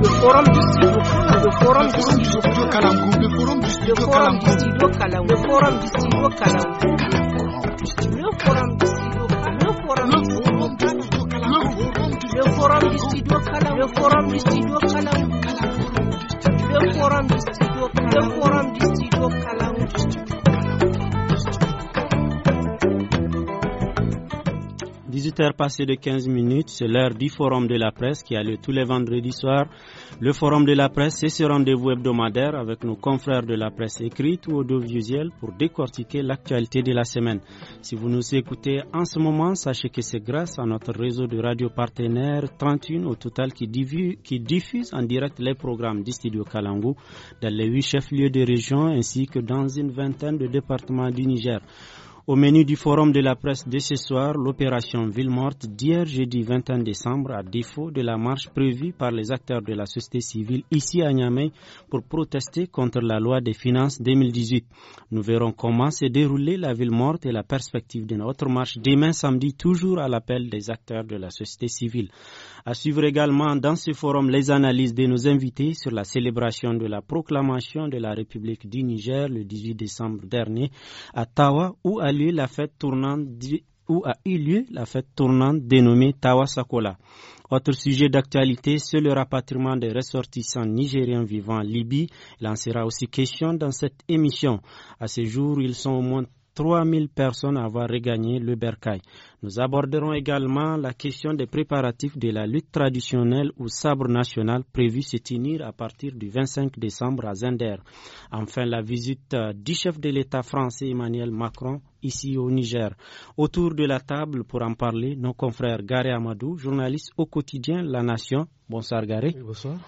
le forum forum, studio forum, le forum forum, studio forum, le forum forum, studio forum, le forum forum, studio forum, le forum forum, studio forum, le forum forum, studio forum, le forum forum, studio forum, le forum forum, studio forum, le forum forum, studio forum, le forum forum, studio forum, le forum 18 passé de 15 minutes, c'est l'heure du Forum de la presse qui a lieu tous les vendredis soirs. Le Forum de la presse, c'est ce rendez-vous hebdomadaire avec nos confrères de la presse écrite ou audiovisuelle pour décortiquer l'actualité de la semaine. Si vous nous écoutez en ce moment, sachez que c'est grâce à notre réseau de radio partenaires, 31 au total, qui, qui diffuse en direct les programmes du studio Kalangou dans les huit chefs-lieux des région ainsi que dans une vingtaine de départements du Niger. Au menu du forum de la presse de ce soir, l'opération Ville morte d'hier jeudi 21 décembre, à défaut de la marche prévue par les acteurs de la société civile ici à Niamey pour protester contre la loi des finances 2018. Nous verrons comment s'est déroulée la Ville morte et la perspective de notre marche demain samedi, toujours à l'appel des acteurs de la société civile. À suivre également dans ce forum les analyses de nos invités sur la célébration de la proclamation de la République du Niger le 18 décembre dernier à Tawa où a lieu la fête tournante où a eu lieu la fête tournante dénommée Tawa Sakola. Autre sujet d'actualité, c'est le rapatriement des ressortissants nigériens vivant en Libye. Il en sera aussi question dans cette émission. À ce jour, ils sont au moins 3000 personnes à avoir regagné le bercail. Nous aborderons également la question des préparatifs de la lutte traditionnelle au sabre national prévue se tenir à partir du 25 décembre à Zender. Enfin, la visite du chef de l'État français Emmanuel Macron ici au Niger. Autour de la table pour en parler, nos confrères Gary Amadou, journaliste au quotidien La Nation. Bonsoir Garé. bonsoir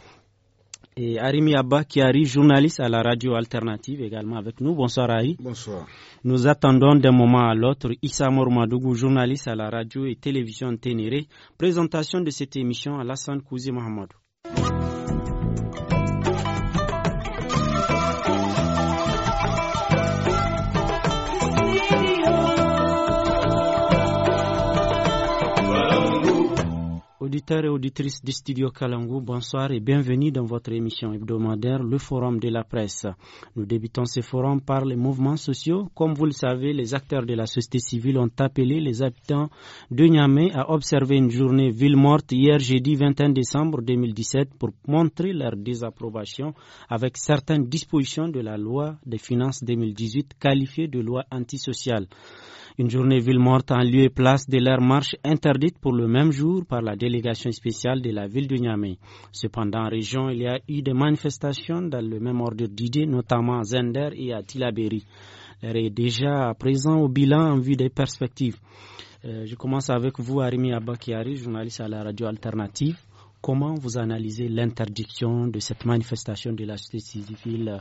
et Arimi Abba qui Kiari, journaliste à la radio alternative également avec nous. Bonsoir Ari. Bonsoir. Nous attendons d'un moment à l'autre Issa Mormadougou, journaliste à la radio et télévision Ténéré. Présentation de cette émission à Lassane Kouzi Mohamed. auditeurs et auditrices du studio Kalango, bonsoir et bienvenue dans votre émission hebdomadaire Le Forum de la presse. Nous débutons ce forum par les mouvements sociaux. Comme vous le savez, les acteurs de la société civile ont appelé les habitants de Niamey à observer une journée ville morte hier jeudi 21 décembre 2017 pour montrer leur désapprobation avec certaines dispositions de la loi des finances 2018 qualifiée de loi antisociale. Une journée ville morte en lieu et place de leur marche interdite pour le même jour par la délégation spéciale de la ville de Niamey. Cependant, en région, il y a eu des manifestations dans le même ordre d'idées, notamment à Zender et à Tilaberi. Elle est déjà à présent au bilan en vue des perspectives. Euh, je commence avec vous, Arimi Abakiari, journaliste à la radio alternative. Comment vous analysez l'interdiction de cette manifestation de la société civile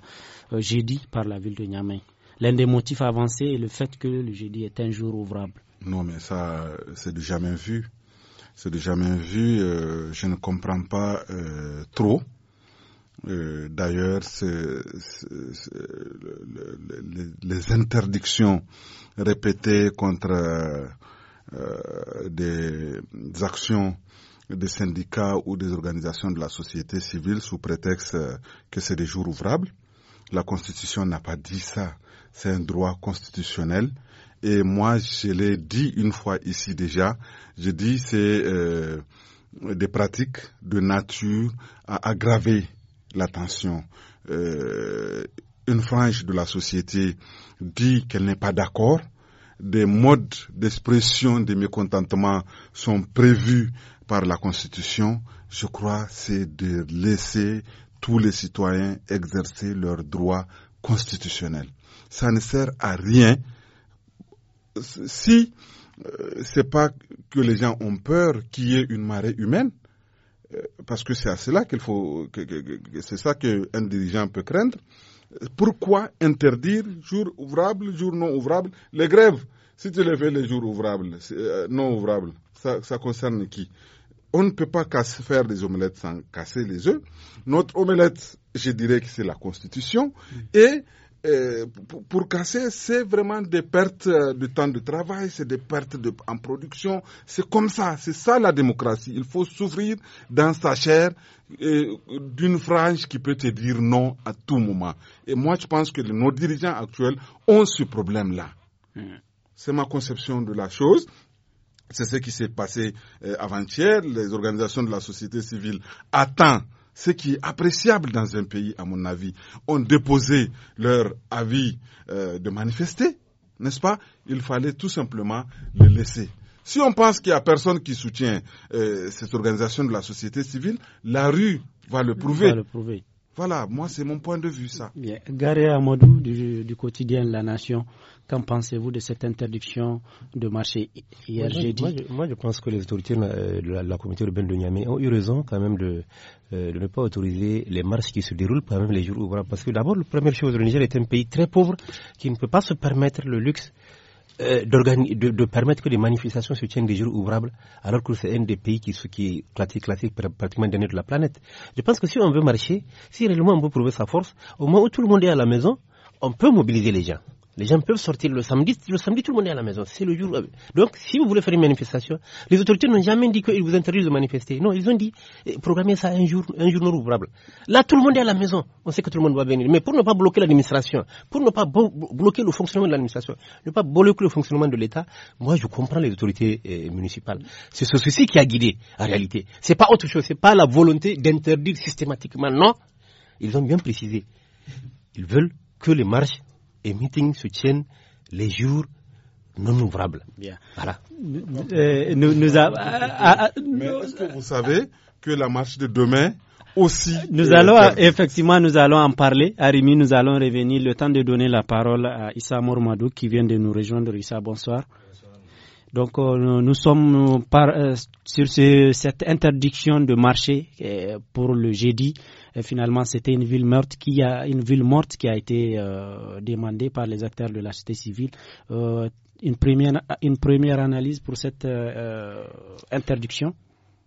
euh, jeudi par la ville de Niamey l'un des motifs avancés est le fait que le jeudi est un jour ouvrable. Non, mais ça, c'est du jamais vu. C'est du jamais vu. Euh, je ne comprends pas euh, trop. Euh, d'ailleurs, les interdictions répétées contre des actions des syndicats ou des organisations de la société civile sous prétexte que c'est des jours ouvrables. La Constitution n'a pas dit ça c'est un droit constitutionnel. Et moi, je l'ai dit une fois ici déjà, je dis c'est euh, des pratiques de nature à aggraver la tension. Euh, une frange de la société dit qu'elle n'est pas d'accord. Des modes d'expression de mécontentement sont prévus par la Constitution. Je crois c'est de laisser tous les citoyens exercer leurs droits constitutionnels ça ne sert à rien. Si euh, c'est pas que les gens ont peur qu'il y ait une marée humaine, euh, parce que c'est à cela qu'il faut, que, que, que, c'est ça qu'un dirigeant peut craindre. Pourquoi interdire jour ouvrable, jour non ouvrable, les grèves Si tu les fais les jours ouvrables, euh, non ouvrables, ça, ça concerne qui on ne peut pas faire des omelettes sans casser les œufs. Notre omelette, je dirais que c'est la Constitution. Et euh, pour, casser, c'est vraiment des pertes de temps de travail, c'est des pertes en production. C'est comme ça, c'est ça la démocratie. Il faut s'ouvrir dans sa chair euh, d'une frange qui peut te dire non à tout moment. Et moi, je pense que nos dirigeants actuels ont ce problème-là. Mmh. C'est ma conception de la chose. C'est ce qui s'est passé euh, avant-hier. Les organisations de la société civile attendent ce qui est appréciable dans un pays, à mon avis, ont déposé leur avis euh, de manifester, n'est-ce pas Il fallait tout simplement le laisser. Si on pense qu'il n'y a personne qui soutient euh, cette organisation de la société civile, la rue va le prouver. Voilà, moi c'est mon point de vue ça. Bien. Garé Amadou du quotidien La Nation. Qu'en pensez-vous de cette interdiction de marché hier jeudi moi, je pense que les autorités de euh, la, communauté urbaine de Niamey ont eu raison quand même de, euh, ne pas autoriser les marches qui se déroulent quand même les jours ouvrables. Parce que d'abord, la première chose, le Niger est un pays très pauvre qui ne peut pas se permettre le luxe euh, de, permettre que les manifestations se tiennent des jours ouvrables, alors que c'est un des pays qui, qui est classique, classique, pratiquement dernier de la planète. Je pense que si on veut marcher, si réellement on veut prouver sa force, au moment où tout le monde est à la maison, on peut mobiliser les gens. Les gens peuvent sortir le samedi. Le samedi, tout le monde est à la maison. C'est le jour. Donc, si vous voulez faire une manifestation, les autorités n'ont jamais dit qu'ils vous interdisent de manifester. Non, ils ont dit, eh, programmez ça un jour, un jour non ouvrable. Là, tout le monde est à la maison. On sait que tout le monde va venir. Mais pour ne pas bloquer l'administration, pour ne pas bloquer le fonctionnement de l'administration, ne pas bloquer le fonctionnement de l'État, moi, je comprends les autorités eh, municipales. C'est ce souci qui a guidé, en réalité. C'est pas autre chose. C'est pas la volonté d'interdire systématiquement. Non. Ils ont bien précisé. Ils veulent que les marches et meetings soutiennent les jours non ouvrables. Voilà. Euh, nous, Mais vous savez que la marche de demain aussi. Nous allons, effectivement, nous allons en parler. Arimi, nous allons revenir. Le temps de donner la parole à Issa Mormadou qui vient de nous rejoindre. Issa, bonsoir. Donc, euh, nous sommes par, euh, sur cette interdiction de marché pour le jeudi finalement, c'était une ville morte qui a une ville morte qui a été euh, demandée par les acteurs de la société civile. Euh, une première une première analyse pour cette euh, interdiction.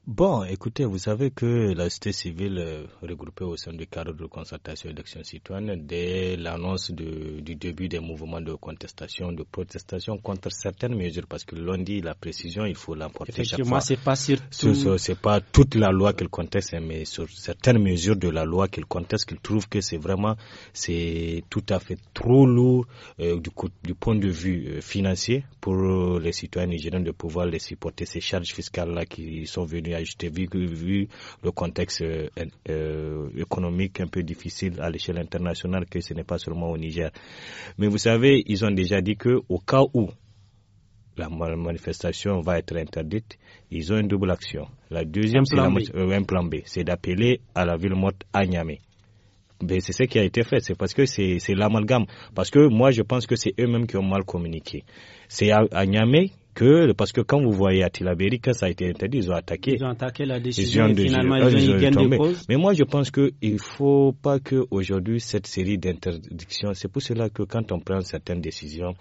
Bon, écoutez, vous savez que la société civile euh, regroupée au sein du cadre de concertation et d'action citoyenne, dès l'annonce du début des mouvements de contestation, de protestation contre certaines mesures, parce que l'on dit la précision, il faut l'emporter chaque fois. Effectivement, c'est pas C'est pas toute la loi qu'il conteste, hein, mais sur certaines mesures de la loi qu'il conteste, qu'il trouve que c'est vraiment, c'est tout à fait trop lourd euh, du, coup, du, point de vue euh, financier pour les citoyens nigériens de pouvoir les supporter ces charges fiscales-là qui sont venues j'ai Vu, vu le contexte euh, euh, économique un peu difficile à l'échelle internationale, que ce n'est pas seulement au Niger. Mais vous savez, ils ont déjà dit que au cas où la manifestation va être interdite, ils ont une double action. La deuxième, c'est euh, un plan B, c'est d'appeler à la ville morte à Niamey c'est ce qui a été fait. C'est parce que c'est l'amalgame. Parce que moi, je pense que c'est eux-mêmes qui ont mal communiqué. C'est à, à Niamey que parce que quand vous voyez à Tilabérica, que ça a été interdit, ils ont attaqué. Ils ont attaqué la décision. finalement, ah, ils, ont, Mais moi, je pense qu'il ne faut pas qu'aujourd'hui, cette série d'interdictions, c'est pour cela que quand on prend certaines décisions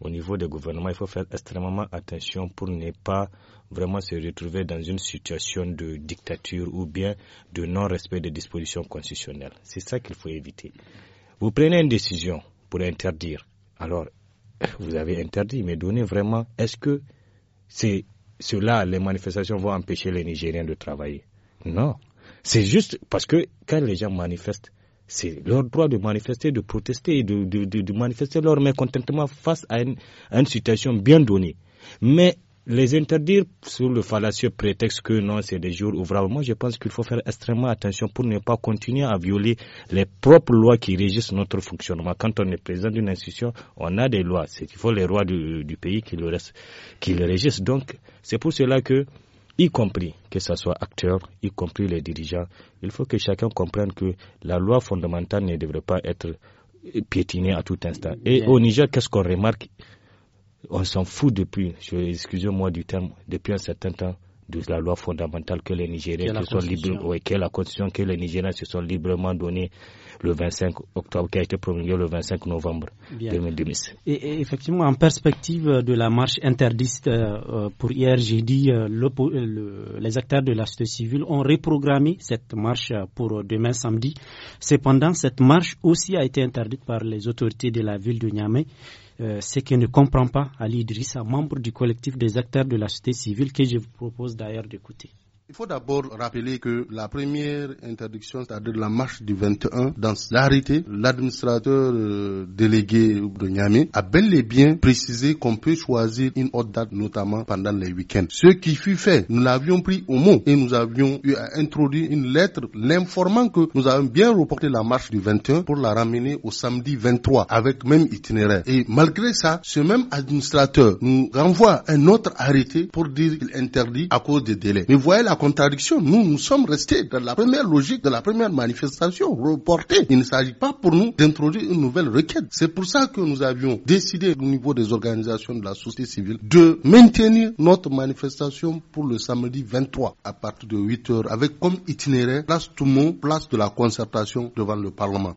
au niveau des gouvernements, il faut faire extrêmement attention pour ne pas vraiment se retrouver dans une situation de dictature ou bien de non-respect des dispositions constitutionnelles. C'est ça qu'il faut éviter. Vous prenez une décision pour interdire. Alors, vous avez interdit, mais donnez vraiment, est-ce que c'est cela, les manifestations vont empêcher les Nigériens de travailler Non. C'est juste parce que quand les gens manifestent, c'est leur droit de manifester, de protester, de, de, manifester leur mécontentement face à une, à une situation bien donnée. Mais les interdire sous le fallacieux prétexte que non, c'est des jours ouvrables. Moi, je pense qu'il faut faire extrêmement attention pour ne pas continuer à violer les propres lois qui régissent notre fonctionnement. Quand on est président d'une institution, on a des lois. C'est qu'il faut les lois du, pays qui le, régissent. Donc, c'est pour cela que, y compris que ce soit acteur, y compris les dirigeants, il faut que chacun comprenne que la loi fondamentale ne devrait pas être piétinée à tout instant. Et au Niger, qu'est-ce qu'on remarque on s'en fout depuis, excusez-moi du terme, depuis un certain temps de la loi fondamentale que les Nigériens se sont libres, ouais, que la constitution que les Nigériens se sont librement donnés le 25 octobre, qui a été promulgué le 25 novembre 2010. Et, effectivement, en perspective de la marche interdite euh, euh, pour hier, j'ai dit, euh, les acteurs de la société civile ont reprogrammé cette marche pour demain samedi. Cependant, cette marche aussi a été interdite par les autorités de la ville de Niamey. ce qui ne comprend pas Ali Idrissa, membre du collectif des acteurs de la société civile, que je vous propose d'ailleurs d'écouter. Il faut d'abord rappeler que la première interdiction, c'est-à-dire la marche du 21, dans l'arrêté, l'administrateur euh, délégué de Niamey a bel et bien précisé qu'on peut choisir une autre date, notamment pendant les week-ends. Ce qui fut fait, nous l'avions pris au mot et nous avions eu à introduire une lettre l'informant que nous avons bien reporté la marche du 21 pour la ramener au samedi 23 avec même itinéraire. Et malgré ça, ce même administrateur nous renvoie un autre arrêté pour dire qu'il interdit à cause des délais. Mais voilà contradiction. Nous, nous sommes restés dans la première logique de la première manifestation reportée. Il ne s'agit pas pour nous d'introduire une nouvelle requête. C'est pour ça que nous avions décidé au niveau des organisations de la société civile de maintenir notre manifestation pour le samedi 23 à partir de 8 heures avec comme itinéraire place tout le monde, place de la concertation devant le Parlement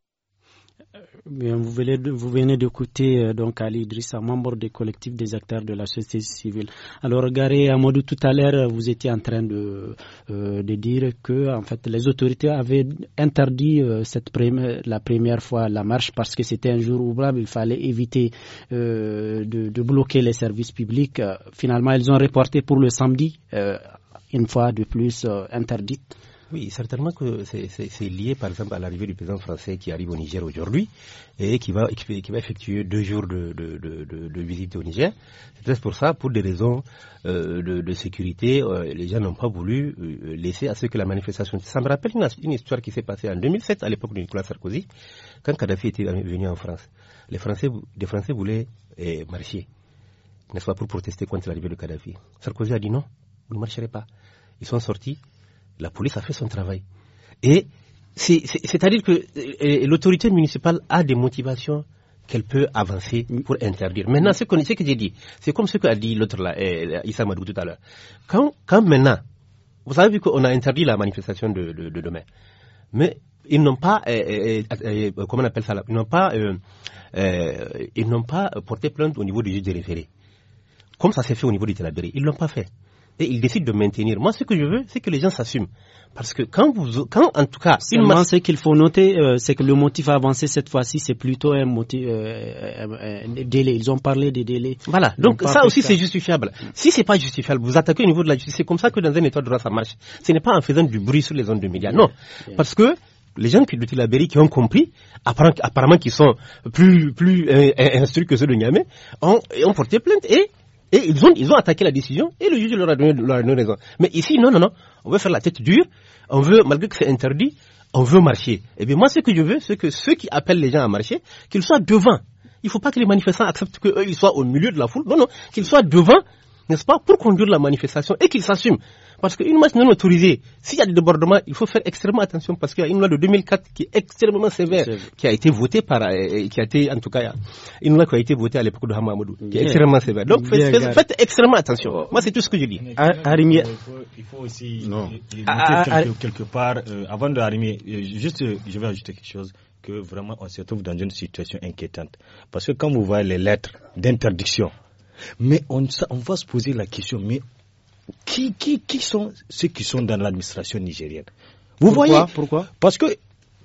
vous venez vous venez d'écouter euh, donc Ali Idrissa, membre du collectif des acteurs de la société civile. Alors Gary Amadou, tout à l'heure, vous étiez en train de, euh, dire que en fait les autorités avaient interdit euh, cette première, la première fois la marche parce que c'était un jour ouvrable, il fallait éviter de, de, bloquer les services publics. Finalement, ils ont reporté pour le samedi, une fois de plus interdite. Oui, certainement que c'est lié par exemple à l'arrivée du président français qui arrive au Niger aujourd'hui et qui va, effectuer deux jours de, visite au Niger. C'est pour ça, pour des raisons euh, de, sécurité, euh, les gens n'ont pas voulu euh, laisser à ce que la manifestation. Ça me rappelle une, histoire qui s'est passée en 2007 à l'époque de Nicolas Sarkozy, quand Kadhafi était venu en France. Les Français, les Français voulaient eh, marcher, n'est-ce pas, pour protester contre l'arrivée de Kadhafi. Sarkozy a dit non, vous ne marcherez pas. Ils sont sortis la police a fait son travail. Et c'est-à-dire que euh, euh, l'autorité municipale a des motivations qu'elle peut avancer mm. pour interdire. Maintenant, ce, que, j'ai dit, c'est comme ce qu'a dit l'autre là, euh, Issa Madou tout à l'heure. Quand, maintenant, vous avez vu qu'on a interdit la manifestation de, demain, mais ils n'ont pas, comment on appelle ça n'ont pas, porté plainte au niveau du juge des référés. Comme ça s'est fait au niveau du Ténabéré, ils ne l'ont pas fait et ils décident de maintenir. Moi, ce que je veux, c'est que les gens s'assument. Parce que quand vous, quand en tout cas, ce qu'il faut noter, euh, c'est que le motif avancé cette fois-ci, c'est plutôt un motif, euh, euh, délai. Ils ont parlé des délais. Voilà. Donc ça aussi, c'est justifiable. Si c'est pas justifiable, vous attaquez au niveau de la justice. C'est comme ça que dans un état de droit, ça marche. Ce n'est pas en faisant du bruit sur les ondes de médias. Non. Parce que les gens qui la bérie qui ont compris, apparemment, qui sont plus, plus instruits que ceux de Niamey, ont, ont porté plainte et et ils ont, ils ont attaqué la décision et le juge leur a donné, leur raison. Mais ici, non, non, non. On veut faire la tête dure. On veut, malgré que c'est interdit, on veut marcher. Et eh bien, moi, ce que je veux, c'est que ceux qui appellent les gens à marcher, qu'ils soient devant. Il ne faut pas que les manifestants acceptent qu'eux, ils soient au milieu de la foule. Non, non. Qu'ils soient devant, n'est-ce pas, pour conduire la manifestation et qu'ils s'assument. Parce qu'une marche non autorisée, s'il y a des débordements, il faut faire extrêmement attention parce qu'il y a une loi de 2004 qui est extrêmement sévère, qui a été votée par, euh, qui a été, en tout cas, une loi qui a été votée à l'époque de Hamamoudou, qui est extrêmement sévère. Donc, faites, extrêmement attention. Moi, c'est tout ce que je dis. Il ah, il faut aussi non. Ah, ah, quelque, quelque, part, euh, Avant de d'arriver, euh, juste, je vais ajouter quelque chose que vraiment on se trouve dans une situation inquiétante. Parce que quand vous voyez les lettres d'interdiction, mais on, on va se poser la question, mais qui, qui, qui sont ceux qui sont dans l'administration nigérienne Vous Pourquoi? voyez Pourquoi Parce que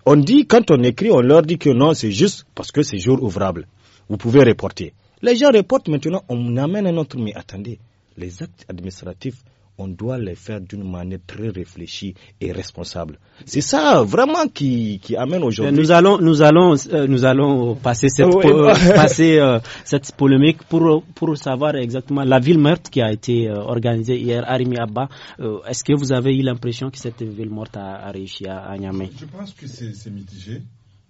on dit, quand on écrit, on leur dit que non, c'est juste parce que c'est jour ouvrable. Vous pouvez reporter. Les gens reportent maintenant, on amène un autre, mais attendez, les actes administratifs on doit les faire d'une manière très réfléchie et responsable. C'est ça vraiment qui, amène aujourd'hui. Nous allons, nous allons, euh, nous allons passer cette, passer, euh, cette polémique pour, pour savoir exactement la ville morte qui a été euh, organisée hier, Rimi Abba. Est-ce que vous avez eu l'impression que cette ville morte a, réussi à, à je pense que c'est mitigé,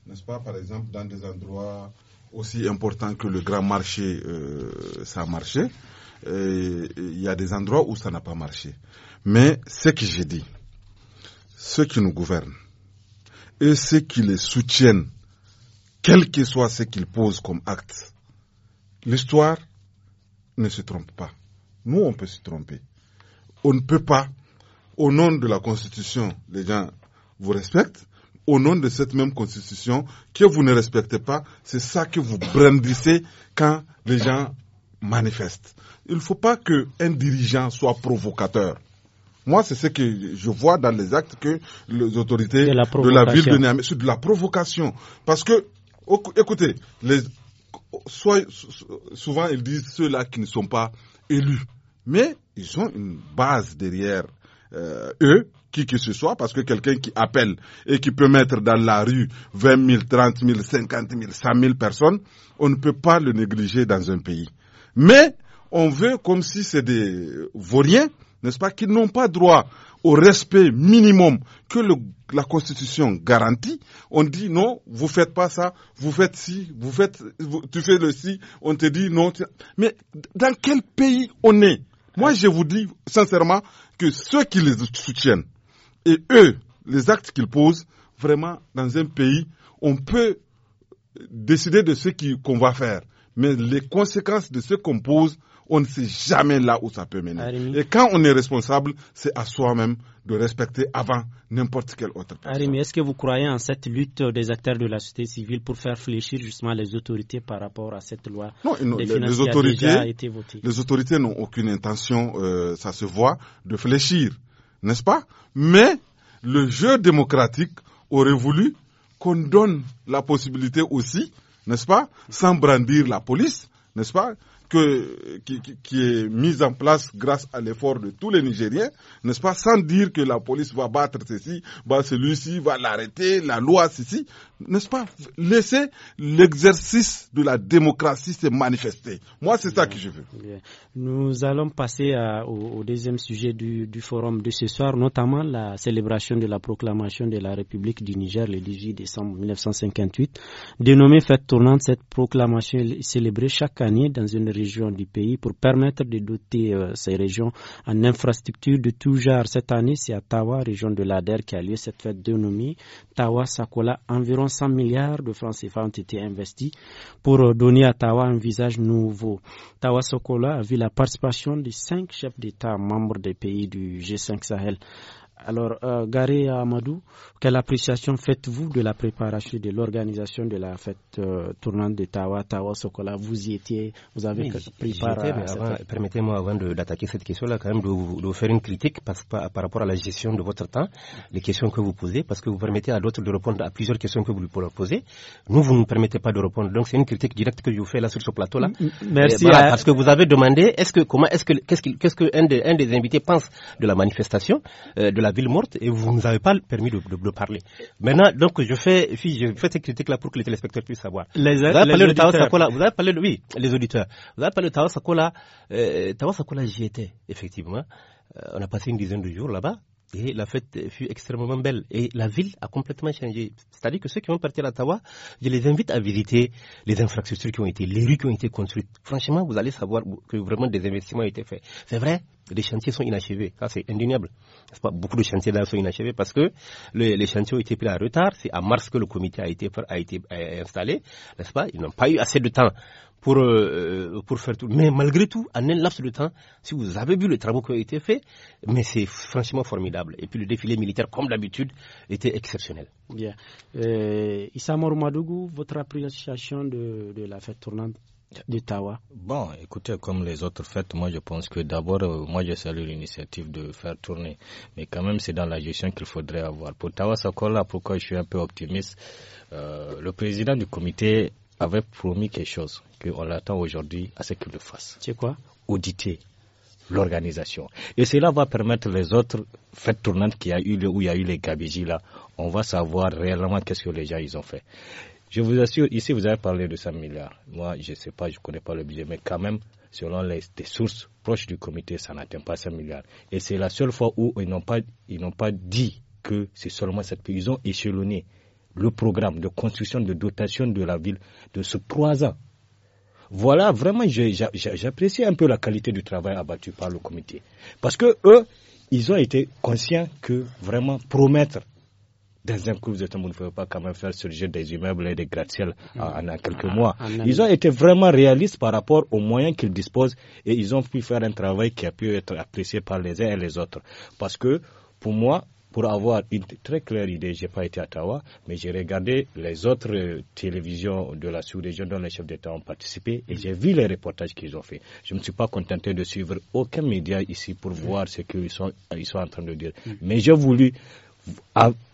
n'est-ce pas Par exemple, dans des endroits aussi important que le grand marché, euh, ça a marché. Il y a des endroits où ça n'a pas marché. Mais ce que j'ai dit, ceux qui nous gouvernent et ceux qui les soutiennent, quel que soit ce qu'ils posent comme acte, l'histoire ne se trompe pas. Nous, on peut se tromper. On ne peut pas, au nom de la Constitution, les gens vous respectent, au nom de cette même constitution que vous ne respectez pas, c'est ça que vous brandissez quand les gens manifestent. Il ne faut pas qu'un dirigeant soit provocateur. Moi, c'est ce que je vois dans les actes que les autorités de la, ville de Niamey, c'est de la provocation. Parce que, écoutez, les, soit, souvent ils disent ceux-là qui ne sont pas élus, mais ils ont une base derrière euh, eux, qui que ce soit, parce que quelqu'un qui appelle et qui peut mettre dans la rue 20 000, 30 000, 50 000, 100 000 personnes, on ne peut pas le négliger dans un pays. Mais on veut comme si c'est des vauriens, n'est-ce pas, qui n'ont pas droit au respect minimum que la Constitution garantit. On dit non, vous faites pas ça, vous faites ci, vous faites, tu fais le ci, on te dit non. Mais dans quel pays on est Moi, je vous dis sincèrement, que ceux qui les soutiennent et eux, les actes qu'ils posent, vraiment, dans un pays, on peut décider de ce qu'on va faire. Mais les conséquences de ce qu'on pose, on ne sait jamais là où ça peut mener. Et quand on est responsable, c'est à soi-même de respecter avant n'importe quelle autre personne. est-ce que vous croyez en cette lutte des acteurs de la société civile pour faire fléchir justement les autorités par rapport à cette loi Non, les, autorités, les autorités n'ont aucune intention, euh, ça se voit, de fléchir, n'est-ce pas Mais le jeu démocratique aurait voulu qu'on donne la possibilité aussi, n'est-ce pas, sans brandir la police, n'est-ce pas, qui, qui, est mise en place grâce à l'effort de tous les Nigériens, n'est-ce pas, sans dire que la police va battre ceci, bah celui-ci va l'arrêter, la loi ceci n'est-ce pas, laisser l'exercice de la démocratie se manifester. Moi, c'est ça que je veux. Nous allons passer euh, au, deuxième sujet du, forum de ce soir, notamment la célébration de la proclamation de la République du Niger le 18 décembre 1958. Dénommée fête tournante, cette proclamation célébrée chaque année dans une région du pays pour permettre de doter euh, ces régions en infrastructures de tout genre. Cette année, c'est à Tawa, région de l'Ader, qui a lieu cette fête dénommée Tawa Sakola. Environ 100 milliards de francs CFA ont été investis pour euh, donner à Tawa un visage nouveau. Tawa Sokola a vu la participation de cinq chefs d'État membres des pays du G5 Sahel alors, euh, Garé Amadou, quelle appréciation faites-vous de la préparation de l'organisation de la fête euh, tournante de Tawa, Tawa Sokola Vous y étiez, vous avez préparé. Permettez-moi, avant d'attaquer cette question-là, quand même, de faire une critique par, rapport à la gestion de votre temps, les questions que vous posez, parce que vous permettez à d'autres de répondre à plusieurs questions que vous lui posez. Nous, vous ne permettez pas de répondre. Donc, c'est une critique directe que je vous fais là sur ce plateau-là. Merci. Parce que vous avez demandé, est-ce que, comment, est-ce que, qu'est-ce un des invités pense de la manifestation, euh, de la ville morte et vous ne nous avez pas permis de, de, de parler. Maintenant, donc, je fais, je fais cette critique-là pour que les téléspectateurs puissent savoir. vous, avez parlé auditeurs. Sakola, vous avez parlé de oui, les auditeurs. Vous avez parlé de Tawasakola. Sakola. Euh, j'y étais, effectivement. Euh, on a passé une dizaine de jours là-bas et la fête fut extrêmement belle. Et la ville a complètement changé. C'est-à-dire que ceux qui vont partir à Ottawa, je les invite à visiter les infrastructures qui ont été, les rues qui ont été construites. Franchement, vous allez savoir que vraiment des investissements ont été faits. C'est vrai, les chantiers sont inachevés. Ça, c'est indéniable. Beaucoup de chantiers là sont inachevés parce que les chantiers ont été pris en retard. C'est à mars que le comité a été, a été installé. N'est-ce pas Ils n'ont pas eu assez de temps pour, euh, euh, pour faire tout. Mais malgré tout, en un laps de temps, si vous avez vu les travaux qui ont été faits, mais c'est franchement formidable. Et puis le défilé militaire, comme d'habitude, était exceptionnel. Bien. Euh, Issa Madougou, votre appréciation de, la fête tournante de Tawa Bon, écoutez, comme les autres fêtes, moi je pense que d'abord, euh, moi je salue l'initiative de faire tourner. Mais quand même, c'est dans la gestion qu'il faudrait avoir. Pour Tawa Sakola, pourquoi je suis un peu optimiste euh, Le président du comité avait promis quelque chose qu'on attend aujourd'hui à ce qu'il le fasse. C'est quoi Auditer l'organisation. Et cela va permettre les autres fêtes tournantes qui a eu où il y a eu les gabégies là, on va savoir réellement qu'est-ce que les gens ils ont fait. Je vous assure, ici vous avez parlé de 5 milliards. Moi, je ne sais pas, je ne connais pas le budget, mais quand même, selon les, sources proches du comité, ça n'atteint pas 5 milliards. Et c'est la seule fois où ils n'ont pas, pas dit que c'est seulement cette pays. Ils ont échelonné le programme de construction de dotation de la ville de ce trois ans. Voilà, vraiment, j'apprécie un peu la qualité du travail abattu par le comité. Parce que eux, ils ont été conscients que vraiment promettre dans un coup de temps, vous ne pouvez pas quand même faire surgir des immeubles et des gratte ciels mm. en, quelques mois. Ah, ils ont été vraiment réalistes par rapport aux moyens qu'ils disposent et ils ont pu faire un travail qui a pu être apprécié par les uns et les autres. Parce que, pour moi, pour avoir une très claire idée, j'ai pas été à Ottawa, mais j'ai regardé les autres télévisions de la sous-région dont les chefs d'État ont participé et j'ai vu les reportages qu'ils ont fait. Je ne me suis pas contenté de suivre aucun média ici pour voir ce qu'ils sont, ils sont en train de dire. Mais j'ai voulu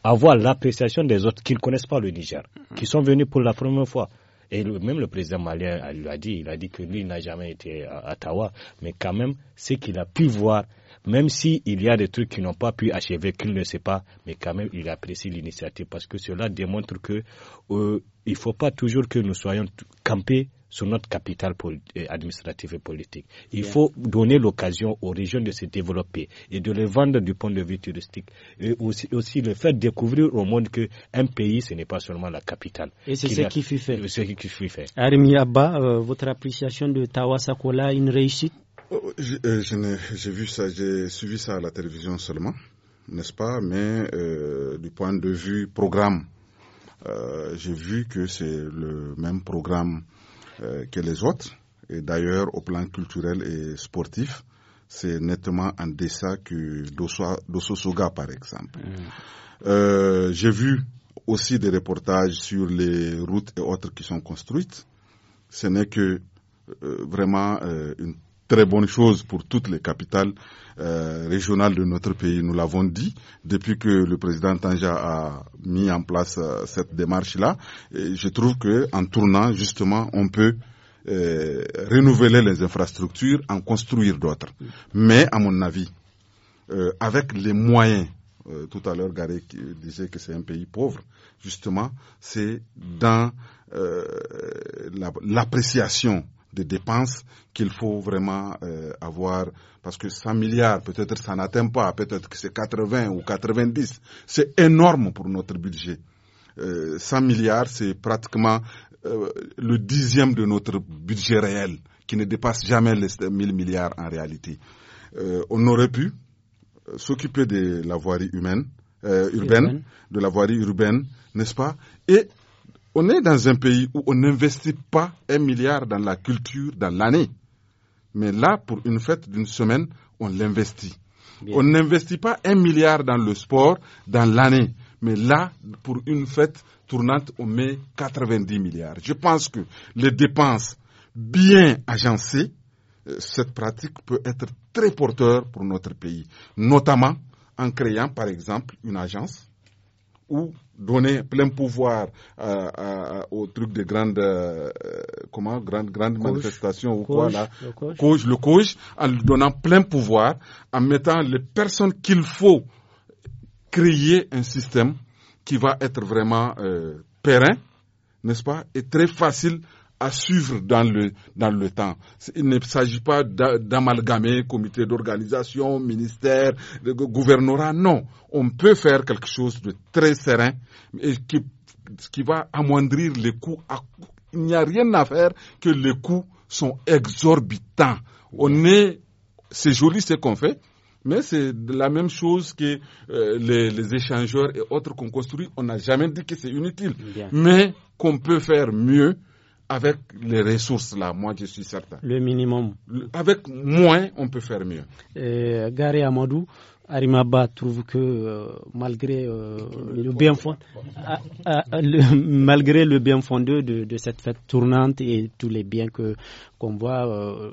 avoir l'appréciation des autres qui ne connaissent pas le Niger, mm-hmm. qui sont venus pour la première fois. Et même le président malien euh, lui a dit, il a dit que lui n'a jamais été à Ottawa, mais quand même, ce qu'il a pu voir, même s'il y a des trucs qu'il n'a pas pu achever, qu'il ne sait pas, mais quand même, il apprécie l'initiative parce que cela démontre que euh, il ne faut pas toujours que nous soyons campés sur notre capitale euh, administrative et politique. Il faut donner l'occasion aux régions de se développer et de les vendre du point de vue touristique. Et aussi, aussi le faire découvrir au monde qu'un pays, ce n'est pas seulement la capitale. Et c'est ce qui fut fait. ce qui fait. Armi votre appréciation de Tawasakola, une réussite oh, oh, euh, J'ai vu ça, j'ai suivi ça à la télévision seulement, n'est-ce pas Mais euh, du point de vue programme, j'ai vu que c'est le même programme euh, que les autres. Et d'ailleurs, au plan culturel et sportif, c'est nettement en deçà que Dosso-Soga, par exemple. Mm. Euh, j'ai vu aussi des reportages sur les routes et autres qui sont construites. Ce n'est que euh, vraiment une très bonne chose pour toutes les capitales euh, régionales de notre pays. Nous l'avons dit depuis que le président Tanja a mis en place euh, cette démarche-là. Je trouve que en tournant justement, on peut euh, renouveler les infrastructures, en construire d'autres. Mais à mon avis, avec les moyens tout à l'heure, Garé disait que c'est un pays pauvre. Justement, c'est dans l'appréciation des dépenses qu'il faut vraiment euh, avoir, parce que 100 milliards, peut-être ça n'atteint pas, peut-être que c'est 80 ou 90, c'est énorme pour notre budget. 100 euh, milliards, c'est pratiquement euh, le dixième de notre budget réel, qui ne dépasse jamais les 1000 milliards en réalité. on aurait pu s'occuper de la voirie humaine, urbaine, urbaine, de la voirie urbaine, n'est-ce pas, et on est dans un pays où on n'investit pas un milliard dans la culture dans l'année. Mais là, pour une fête d'une semaine, on l'investit. On n'investit pas un milliard dans le sport dans l'année. Mais là, pour une fête tournante, on met 90 milliards. Je pense que les dépenses bien agencées, euh, cette pratique peut être très porteur pour notre pays, notamment en créant, par exemple, une agence ou donner plein pouvoir euh, euh, au truc des grandes euh, comment grandes grande manifestations ou quoi là le coach. le coach en lui donnant plein pouvoir en mettant les personnes qu'il faut créer un système qui va être vraiment euh, pérenne n'est-ce pas et très facile à suivre dans le, dans le temps. Il ne s'agit pas d'amalgamer comité d'organisation, ministère, gouvernorat. Non, on peut faire quelque chose de très serein et qui, qui va amoindrir les coûts. Il n'y a rien à faire que les coûts sont exorbitants. On est, c'est joli ce qu'on fait, mais c'est la même chose que euh, les, échangeurs et autres qu'on construit. On n'a jamais dit que c'est inutile, mais qu'on peut faire mieux avec les ressources là, moi je suis certain. Le minimum. Avec moins, on peut faire mieux. Gary Amadou, Arimaba trouve que malgré, le bien fond, malgré le bien fondé de, cette fête tournante et tous les biens que qu'on voit, euh,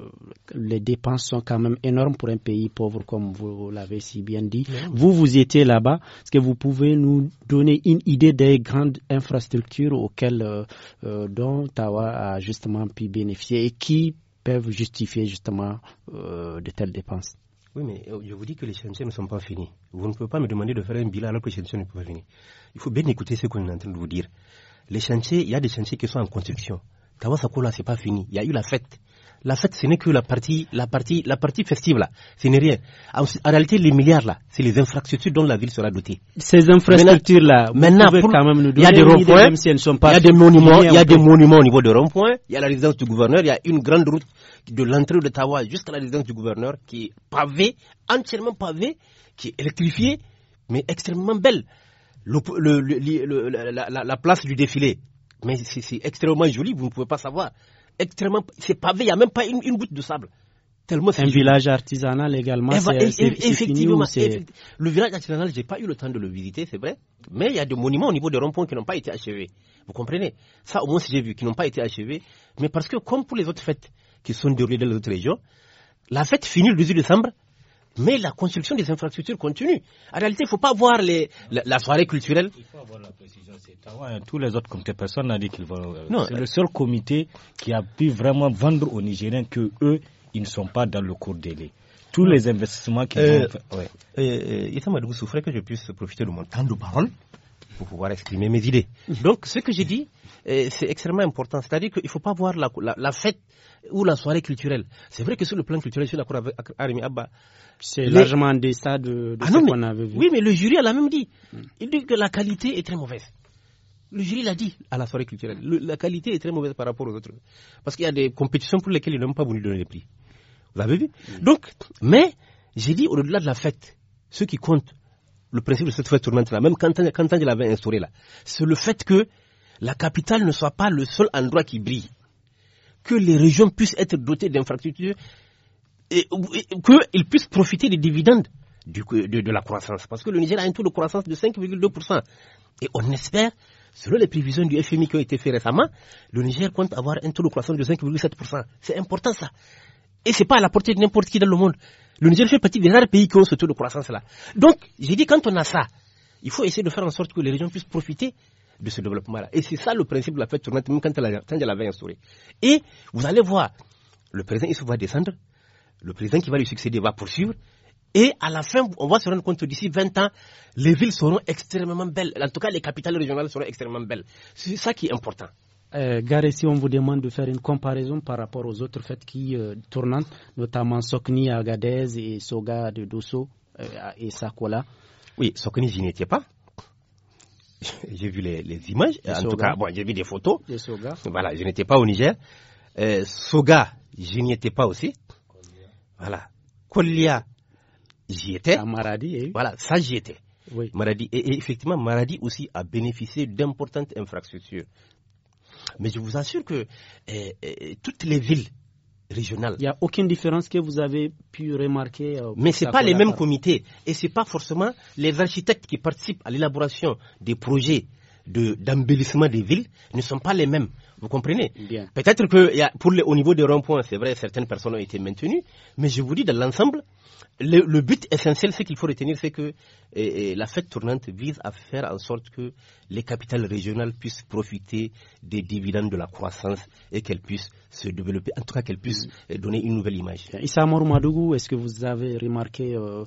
les dépenses sont quand même énormes pour un pays pauvre comme vous, l'avez si bien dit. Vous vous étiez là-bas, est-ce que vous pouvez nous donner une idée des grandes infrastructures auxquelles euh, euh, dont Tawa a justement pu bénéficier et qui peuvent justifier justement de telles dépenses? Oui, mais euh, je vous dis que les chantiers ne sont pas finis. Vous ne pouvez pas me demander de faire un bilan alors que les chantiers ne peuvent pas finis. Il faut bien écouter ce qu'on est en train de vous dire. Les chantiers, il y a des chantiers qui sont en construction. Tawasakola, ce n'est pas fini. Il y a eu la fête. La fête, ce n'est que la partie, festive là. Ce n'est rien. En, réalité, les milliards là, c'est les infrastructures dont la ville sera dotée. Ces infrastructures là, maintenant, il y a des ronds Il y a des monuments, au niveau de ronds-points. Il y a la résidence du gouverneur. Il y a une grande route de l'entrée de Tawa jusqu'à la résidence du gouverneur qui est pavée, entièrement pavée, qui est électrifiée, mais extrêmement belle. la, la place du défilé, mais c'est extrêmement joli, vous ne pouvez pas savoir extrêmement. C'est pavé, il n'y a même pas une, goutte de sable. Tellement un village artisanal également. Et eh, eh, eh, effectivement, le village artisanal, je n'ai pas eu le temps de le visiter, c'est vrai. Mais il y a des monuments au niveau des ronds qui n'ont pas été achevés. Vous comprenez Ça, au moins, j'ai vu, qui n'ont pas été achevés. Mais parce que, comme pour les autres fêtes qui sont déroulées dans les autres régions, la fête finit le 18 décembre, mais la construction des infrastructures continue. En réalité, il ne faut pas voir les, la, soirée culturelle. Il faut avoir la précision. Hein. tous les autres comités, personne n'a dit qu'ils vont. Euh, c'est le euh, seul comité qui a pu vraiment vendre aux Nigériens que eux, ils ne sont pas dans le court délai. Tous les investissements qu'ils euh, vont Il Ouais. Euh, Issa vous souffrait que je puisse profiter de mon temps de parole pour pouvoir exprimer mes idées. Mhm. Donc, ce que j'ai dit, euh, c'est extrêmement important. C'est-à-dire qu'il ne faut pas voir la, fête ou la soirée culturelle. C'est vrai que sur le plan culturel, je suis d'accord avec Abba. C'est largement des ça de, ah ce qu'on avait vu. Oui, mais le jury, elle a même dit. Hmm. Il dit que la qualité est très mauvaise. Le jury l'a dit à la soirée culturelle. la qualité est très mauvaise par rapport aux autres. Parce qu'il y a des compétitions pour lesquelles ils n'ont pas voulu donner les prix. Vous avez vu hmm. Donc, mais j'ai dit au-delà de la fête, ce qui compte, le principe de cette fête tournante-là, même quand, quand il avait instauré là, c'est le fait que la capitale ne soit pas le seul endroit qui brille, que les régions puissent être dotées d'infrastructures et, qu'ils puissent profiter des dividendes de, de, la croissance. Parce que le Niger a un taux de croissance de 5,2%. Et on espère, selon les prévisions du FMI qui ont été faites récemment, le Niger compte avoir un taux de croissance de 5,7%. C'est important ça. Et ce n'est pas à la portée de n'importe qui dans le monde. Le Niger fait partie des rares pays qui ont ce taux de croissance-là. Donc, j'ai dit, quand on a ça, il faut essayer de faire en sorte que les régions puissent profiter de ce développement-là. Et c'est ça le principe de la fête tournante, même quand elle, quand elle avait instauré. Et vous allez voir, le président, il se va descendre, le président qui va lui succéder va poursuivre, et à la fin, on va se rendre compte d'ici 20 ans, les villes seront extrêmement belles. En tout cas, les capitales régionales seront extrêmement belles. C'est ça qui est important. Euh, Gare, si on vous demande de faire une comparaison par rapport aux autres fêtes qui euh, tournent, notamment Sokni à Agadez et Soga de Dosso euh, et Sakola. Oui, Sokni, j'y étais pas. j'ai vu les, images, en tout cas, j'ai vu des photos. Voilà, je n'étais pas au Niger. Euh, soga, je n'y étais pas aussi. Voilà. Kolia, j'y étais. Eh voilà, ça, j'y étais. Et, effectivement, Maradi aussi a bénéficié d'importantes infrastructures. Mais je vous assure que euh, euh, toutes les villes il n'y a aucune différence que vous avez pu remarquer. Euh, Mais ce pas les mêmes comités et ce n'est pas forcément les architectes qui participent à l'élaboration des projets d'embellissement des villes ne sont pas les mêmes. Vous comprenez Peut-être que pour au niveau des ronds-points, c'est vrai, certaines personnes ont été maintenues, mais je vous dis, dans l'ensemble, le, but essentiel, ce qu'il faut retenir, c'est que la fête tournante vise à faire en sorte que les capitales régionales puissent profiter des dividendes de la croissance et qu'elles puissent se développer, en tout cas qu'elles puissent mm. donner une nouvelle image. Issa Madougou, est-ce que vous avez remarqué... Euh,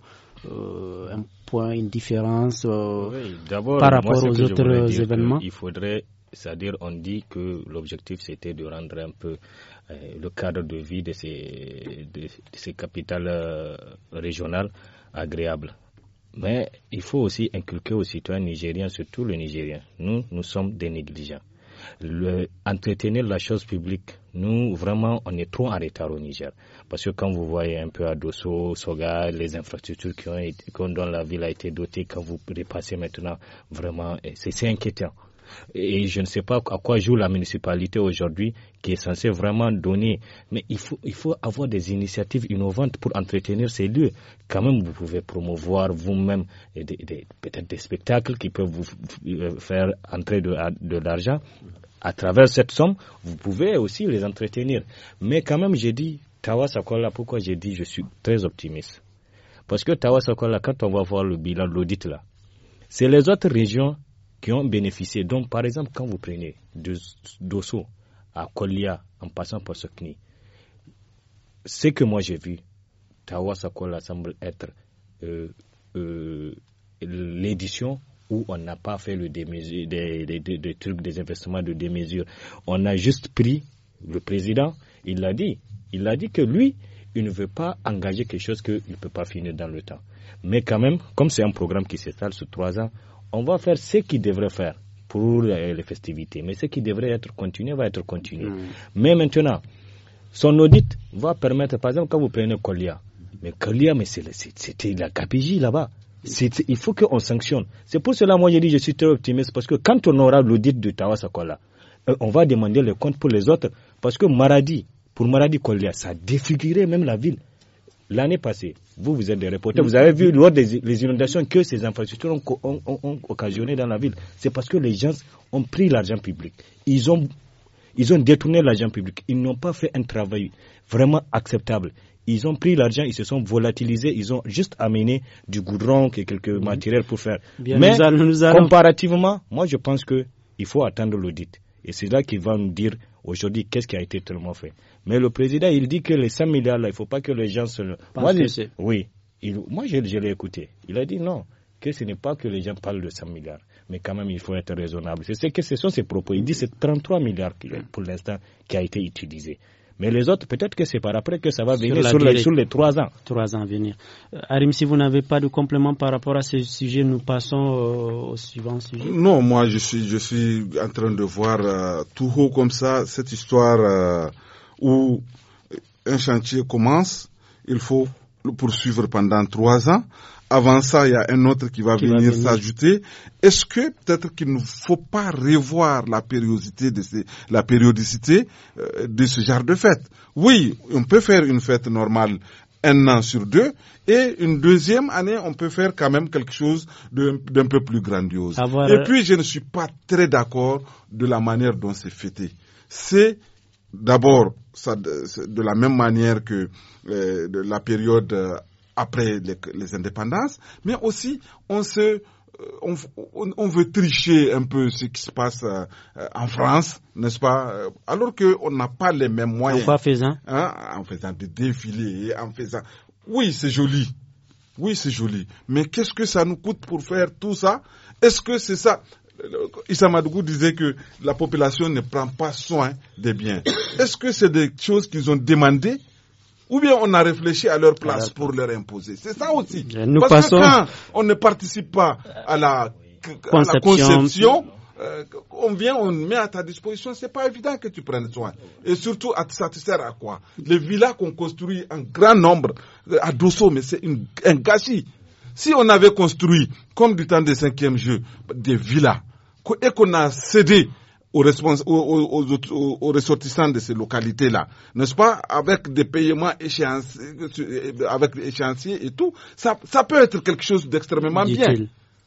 euh, un point, une différence euh, par rapport aux autres événements Il faudrait, c'est-à-dire, on dit que l'objectif c'était de rendre un peu euh, le cadre de vie de ces, capitales régionales agréable. Mais il faut aussi inculquer aux citoyens nigériens, surtout le Nigériens. nous, nous sommes des négligents le, entretenir la chose publique, nous, vraiment, on est trop en retard au Niger. Parce que quand vous voyez un peu à Dosso, Soga, les infrastructures qui ont dont la ville a été dotée, quand vous repassez maintenant, vraiment, c'est inquiétant. Et je ne sais pas à quoi joue la municipalité aujourd'hui qui est censée vraiment donner. Mais il faut, il faut avoir des initiatives innovantes pour entretenir ces lieux. Quand même, vous pouvez promouvoir vous-même peut-être des spectacles qui peuvent vous euh, faire entrer de, l'argent. À travers cette somme, vous pouvez aussi les entretenir. Mais quand même, j'ai dit, Tawasakola. pourquoi j'ai dit je suis très optimiste Parce que Tawasakola, quand on va voir le bilan de l'audit là, c'est les autres régions qui ont bénéficié. Donc, par exemple, quand vous prenez Dosso à Kolia en passant par Sokni, ce que moi j'ai vu, Tawasakola semble être euh, euh, l'édition où on n'a pas fait le des, des, des, trucs, des investissements de démesure. On a juste pris le président, il l'a dit. Il a dit que lui, il ne veut pas engager quelque chose qu'il ne peut pas finir dans le temps. Mais quand même, comme c'est un programme qui s'étale sur trois ans, on va faire ce qu'il devrait faire pour les festivités. Mais ce qui devrait être continué va être continué. Hmm. Mais maintenant, son audit va permettre, par exemple, quand vous prenez Colia, mais Colia, mais c'était la KPJ là-bas. Il faut qu'on sanctionne. C'est pour cela, moi, je dis, je suis très optimiste, parce que quand on aura l'audit de Tawasakola, euh, on va demander le compte pour les autres, parce que Maradi, pour Maradi Colia, ça a défiguré même la ville. L'année passée, vous, vous êtes des reporters, vous avez vu lors des inondations que ces infrastructures ont, occasionné dans la ville. C'est parce que les gens ont pris l'argent public. Ils ont, ils ont détourné l'argent public. Ils n'ont pas fait un travail vraiment acceptable. Ils ont pris l'argent, ils se sont volatilisés, ils ont juste amené du goudron et quelques mhm. matériels pour faire. Mais comparativement, moi je pense qu'il faut attendre l'audit. Et c'est là qu'il va nous dire aujourd'hui qu'est-ce qui a été tellement fait. Mais le président, il dit que les 100 milliards, là, il ne faut pas que les gens se... Moi, je... Oui. Moi, je, l'ai écouté. Il a dit non, que ce n'est pas que les gens parlent de 100 milliards. Mais quand même, il faut être raisonnable. C'est que ce sont ses propos. Il dit c'est 33 milliards pour l'instant qui a été utilisé. Mais les autres, peut-être que c'est par après que ça va venir sur, les, sur les trois ans. Trois ans à venir. Euh, Arim, si vous n'avez pas de complément par rapport à ce sujet, nous passons euh, au, suivant sujet. Non, moi, je suis, je suis en train de voir euh, tout haut comme ça cette histoire où un chantier commence, il faut le poursuivre pendant trois ans. Avant ça, il y a un autre qui va venir, s'ajouter. Est-ce que peut-être qu'il ne faut pas revoir la périodicité de, la périodicité euh, de ce genre de fête Oui, on peut faire une fête normale un an sur deux et une deuxième année on peut faire quand même quelque chose d'un peu plus grandiose. Ah, et puis je ne suis pas très d'accord de la manière dont c'est fêté. C'est d'abord ça, de la même manière que euh, de la période euh, après les, indépendances, mais aussi on se euh, on, veut tricher un peu ce qui se passe en France, n'est-ce pas Alors qu'on n'a pas les mêmes moyens. En faisant hein? En faisant des défilés, en faisant. Oui, c'est joli. Oui, c'est joli. Mais qu'est-ce que ça nous coûte pour faire tout ça Est-ce que c'est ça Issa Madougou disait que la population ne prend pas soin des biens. Est-ce que c'est des choses qu'ils ont demandées ou bien on a réfléchi à leur place pour leur imposer C'est ça aussi. Parce que quand on ne participe pas à la, conception euh, on vient, on met à ta disposition, c'est pas évident que tu prennes soin. Et surtout, à te satisfaire à quoi Les villas qu'on construit en grand nombre euh, à Dosso, mais c'est un gâchis. Si on avait construit, comme du temps des cinquièmes jeux, des villas et qu'on a cédé aux, ressortissants de ces localités-là, n'est-ce pas, avec des paiements échéanciers, euh, avec échéanciers et tout, ça, ça peut être quelque chose d'extrêmement bien.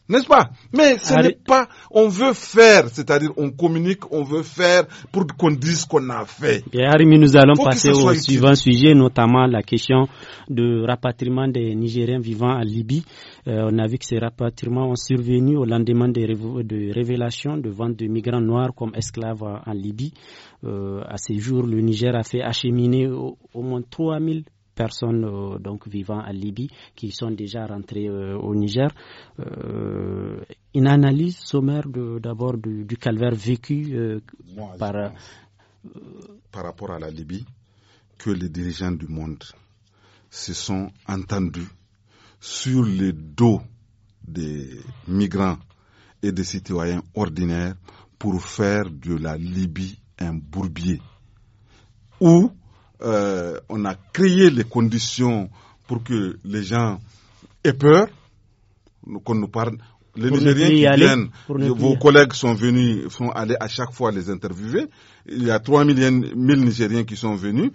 N'est-ce pas Mais ce n'est pas, on veut faire, c'est-à-dire on communique, on veut faire pour qu'on dise ce qu'on a fait. Bien, Arimi, nous allons passer au suivant sujet, notamment la question de rapatriement des Nigériens vivant en Libye. Euh, on a vu que ces rapatriements ont survenu au lendemain des de révélations de vente de migrants noirs comme esclaves en Libye. Euh, à ces jours, le Niger a fait acheminer au, au moins 3000 personnes euh, donc vivant à Libye qui sont déjà rentrées euh, au Niger. Euh, une analyse sommaire d'abord du, calvaire vécu par rapport à la Libye que les dirigeants du monde se sont entendus sur les dos des migrants et des citoyens ordinaires pour faire de la Libye un bourbier ou euh, on a créé les conditions pour que les gens aient peur, qu'on nous parle. Les Nigériens qui viennent, vos collègues sont venus, sont allés à chaque fois les interviewer. Il y a 3 000 Nigériens qui sont venus.